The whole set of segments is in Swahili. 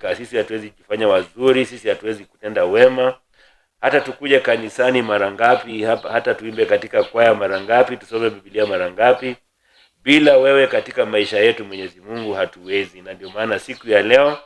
kusahaulika. Sisi hatuwezi kufanya wazuri, sisi hatuwezi kutenda wema. Hata tukuje kanisani mara ngapi, hata tuimbe katika kwaya mara ngapi, tusome Biblia mara ngapi, bila wewe katika maisha yetu, Mwenyezi Mungu, hatuwezi. Na ndio maana siku ya leo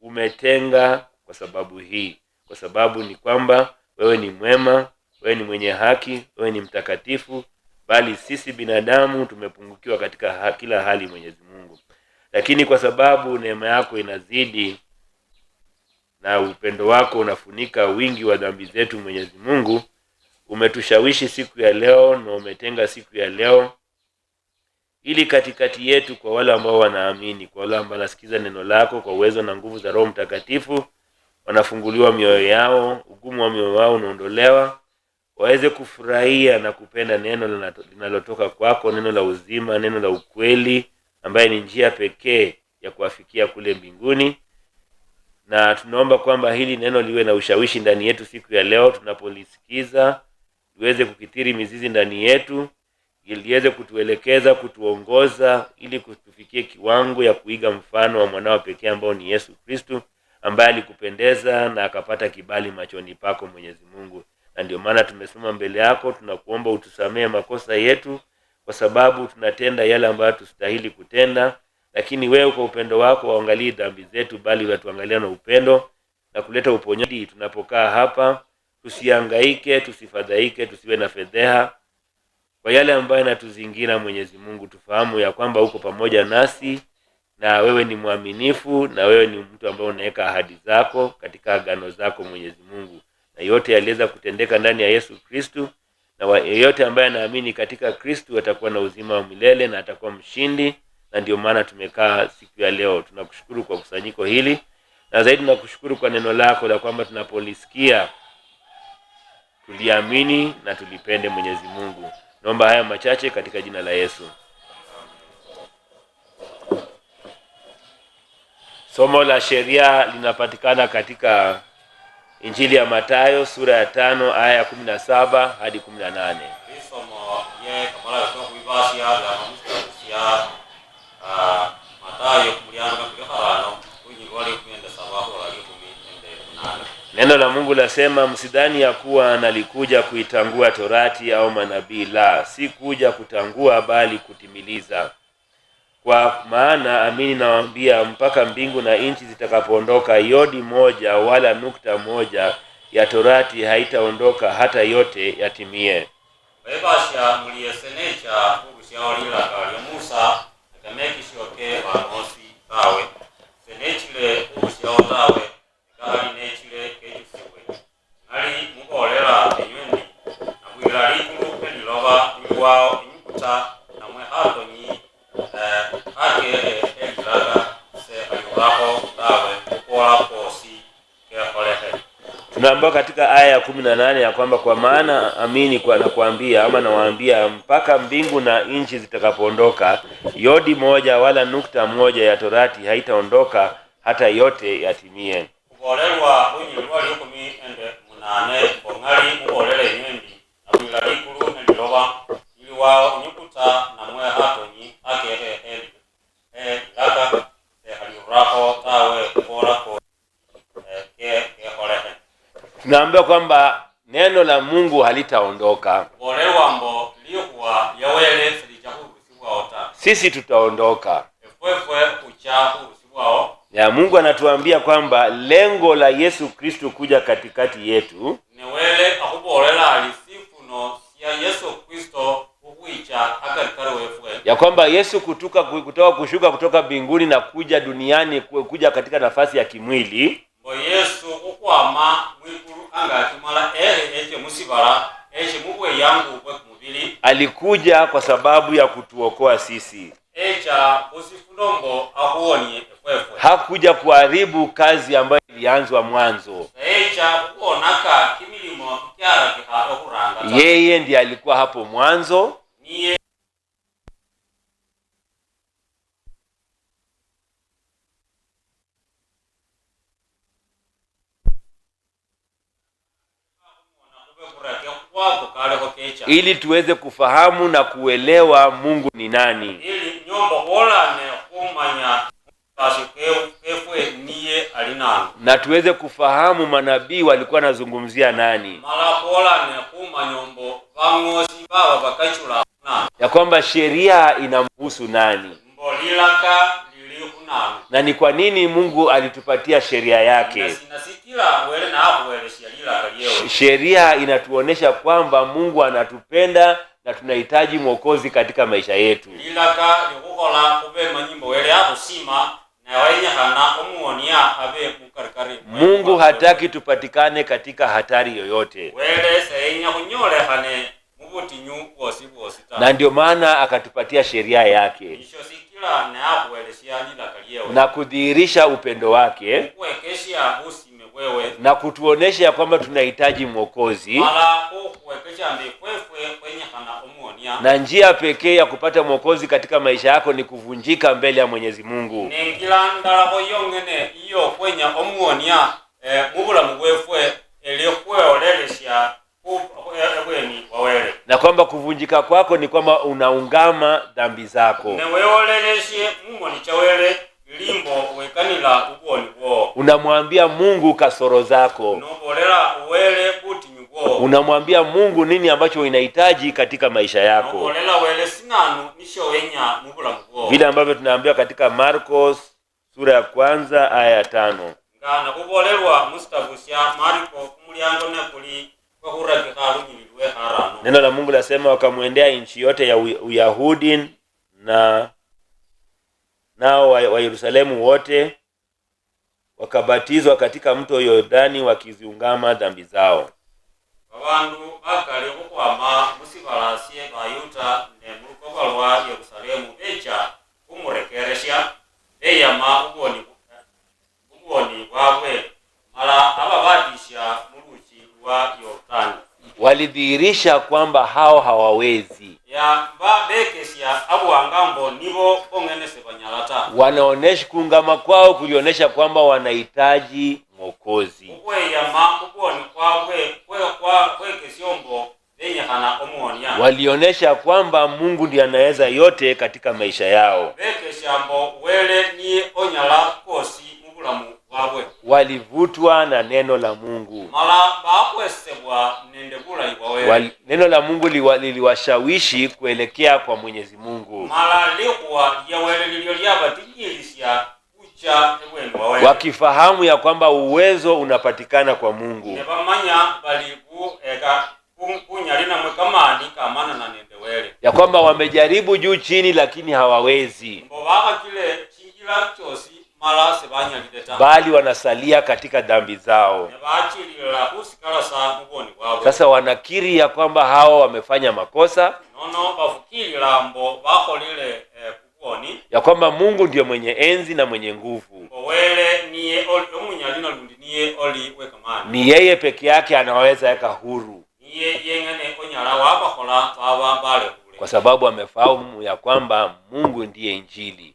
umetenga kwa sababu hii, kwa sababu ni kwamba wewe ni mwema, wewe ni mwenye haki, wewe ni mtakatifu, bali sisi binadamu tumepungukiwa katika kila hali, Mwenyezi Mungu. Lakini kwa sababu neema yako inazidi na upendo wako unafunika wingi wa dhambi zetu. Mwenyezi Mungu, umetushawishi siku ya leo na umetenga siku ya leo ili katikati yetu, kwa wale ambao wanaamini, kwa wale ambao wanasikiza neno lako, kwa uwezo na nguvu za Roho Mtakatifu wanafunguliwa mioyo yao, ugumu wa mioyo yao unaondolewa, waweze kufurahia na kupenda neno linalotoka kwako, neno la uzima, neno la ukweli, ambaye ni njia pekee ya kuwafikia kule mbinguni na tunaomba kwamba hili neno liwe na ushawishi ndani yetu siku ya leo tunapolisikiza, liweze kukitiri mizizi ndani yetu, liweze kutuelekeza, kutuongoza, ili kutufikie kiwango ya kuiga mfano wa mwanao pekee ambao ni Yesu Kristu, ambaye alikupendeza na akapata kibali machoni pako, Mwenyezi Mungu. Na ndio maana tumesoma mbele yako, tunakuomba utusamehe makosa yetu, kwa sababu tunatenda yale ambayo tustahili kutenda lakini wewe kwa upendo wako waangalii dhambi zetu, bali unatuangalia na upendo na kuleta uponyaji. Tunapokaa hapa, tusiangaike tusifadhaike, tusiwe na fedheha kwa yale ambayo yanatuzingira. Mwenyezi Mungu, tufahamu ya kwamba uko pamoja nasi na wewe ni mwaminifu, na wewe ni mtu ambaye unaweka ahadi zako katika agano zako, Mwenyezi Mungu, na yote yaliweza kutendeka ndani ya Yesu Kristu, na yeyote ambaye anaamini katika Kristu atakuwa na uzima wa milele na atakuwa mshindi na ndio maana tumekaa siku ya leo. Tunakushukuru kwa kusanyiko hili na zaidi tunakushukuru kwa neno lako la kwamba tunapolisikia tuliamini na tulipende. Mwenyezi Mungu, naomba haya machache katika jina la Yesu. Somo la sheria linapatikana katika Injili ya Mathayo sura ya tano aya ya kumi na saba hadi kumi na nane. Neno la Mungu lasema, msidhani ya kuwa nalikuja kuitangua torati au manabii, la si kuja kutangua, bali kutimiliza. Kwa maana amini nawaambia, mpaka mbingu na nchi zitakapoondoka, yodi moja wala nukta moja ya torati haitaondoka hata yote yatimie. musa senechile katika aya ya kumi na nane ya kwamba kwa maana amini kwa nakwambia ama nawaambia mpaka mbingu na nchi zitakapoondoka, yodi moja wala nukta moja ya torati haitaondoka hata yote yatimie. tunaambiwa kwamba neno la Mungu halitaondoka. Sisi tutaondoka ya Mungu anatuambia kwamba lengo la Yesu Kristo kuja katikati yetu ya kwamba Yesu kutuka kutoka kushuka kutoka mbinguni na kuja duniani kuja katika nafasi ya kimwili Yesu ukwama angatumala ele eche musibala eche mubwe yangu kwa kumubili alikuja kwa sababu ya kutuokoa sisi echa usifundongo akuoni efwefwe hakuja kuharibu kazi ambayo ilianzwa mwanzo echa kuonaka kimilimo kyara kiha okuranga yeye ndiye alikuwa hapo mwanzo niye ili tuweze kufahamu na kuelewa Mungu ni nani. Na tuweze kufahamu manabii walikuwa nazungumzia nani, ya kwamba sheria inamhusu nani na ni kwa nini Mungu alitupatia sheria yake. Sheria inatuonesha kwamba Mungu anatupenda na tunahitaji mwokozi katika maisha yetu. Mungu hataki tupatikane katika hatari yoyote, na ndio maana akatupatia sheria yake na kudhihirisha upendo wake na kutuonesha ya kwamba tunahitaji mwokozi na njia pekee ya kupata mwokozi katika maisha yako ni kuvunjika mbele ya Mwenyezi Mungu. kuvunjika kwako ni kwamba unaungama dhambi zako unamwambia mungu kasoro zako unamwambia mungu nini ambacho unahitaji katika maisha yako vile ambavyo tunaambiwa katika marcos sura ya kwanza aya ya tano nga nakuvolerwa musitavusia mariko kumulyango nekuli kwakuragika lunyililo Neno la Mungu lasema wakamwendea nchi yote ya Uyahudi na nao wa Yerusalemu wote wakabatizwa katika mto Yordani wakiziungama dhambi zao. Babandu bakali khukhwama musibalasye bayuta ne mulukoba lwa Yerusalemu becha khumurekeresha beyama alidhihirisha kwamba hao hawawezi. Wanaonesha kuungama kwao kulionyesha kwamba wanahitaji Mwokozi. Walionyesha kwamba Mungu ndi anaweza yote katika maisha yao. Walivutwa na neno la Mungu. Mala, wal, neno la Mungu liliwashawishi kuelekea kwa Mwenyezi Mungu wakifahamu ya kwamba uwezo unapatikana kwa Mungu ya kwamba wamejaribu juu chini, lakini hawawezi kile chosi sebanya bali wanasalia katika dhambi zao. Sasa wanakiri ya kwamba hao wamefanya makosa ya kwamba Mungu ndiyo mwenye enzi na mwenye nguvu, ni yeye peke yake anaweza weka huru, kwa sababu amefahamu ya kwamba Mungu ndiye Injili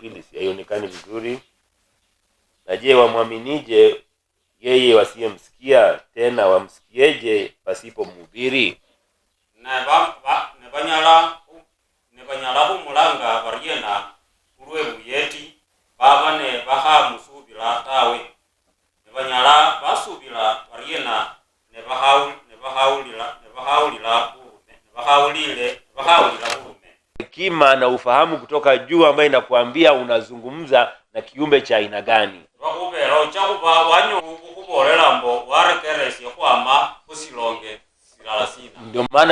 pili si haionekani vizuri? Na je, wamwaminije yeye wasiyemsikia? Tena wamsikieje pasipo mhubiri? ne banyala khumulanga varyena khulwe buyeti baba ne bakhamusubila tawe ne banyala basubila hekima na ufahamu kutoka juu ambayo inakuambia unazungumza na kiumbe cha aina gani. Ndio maana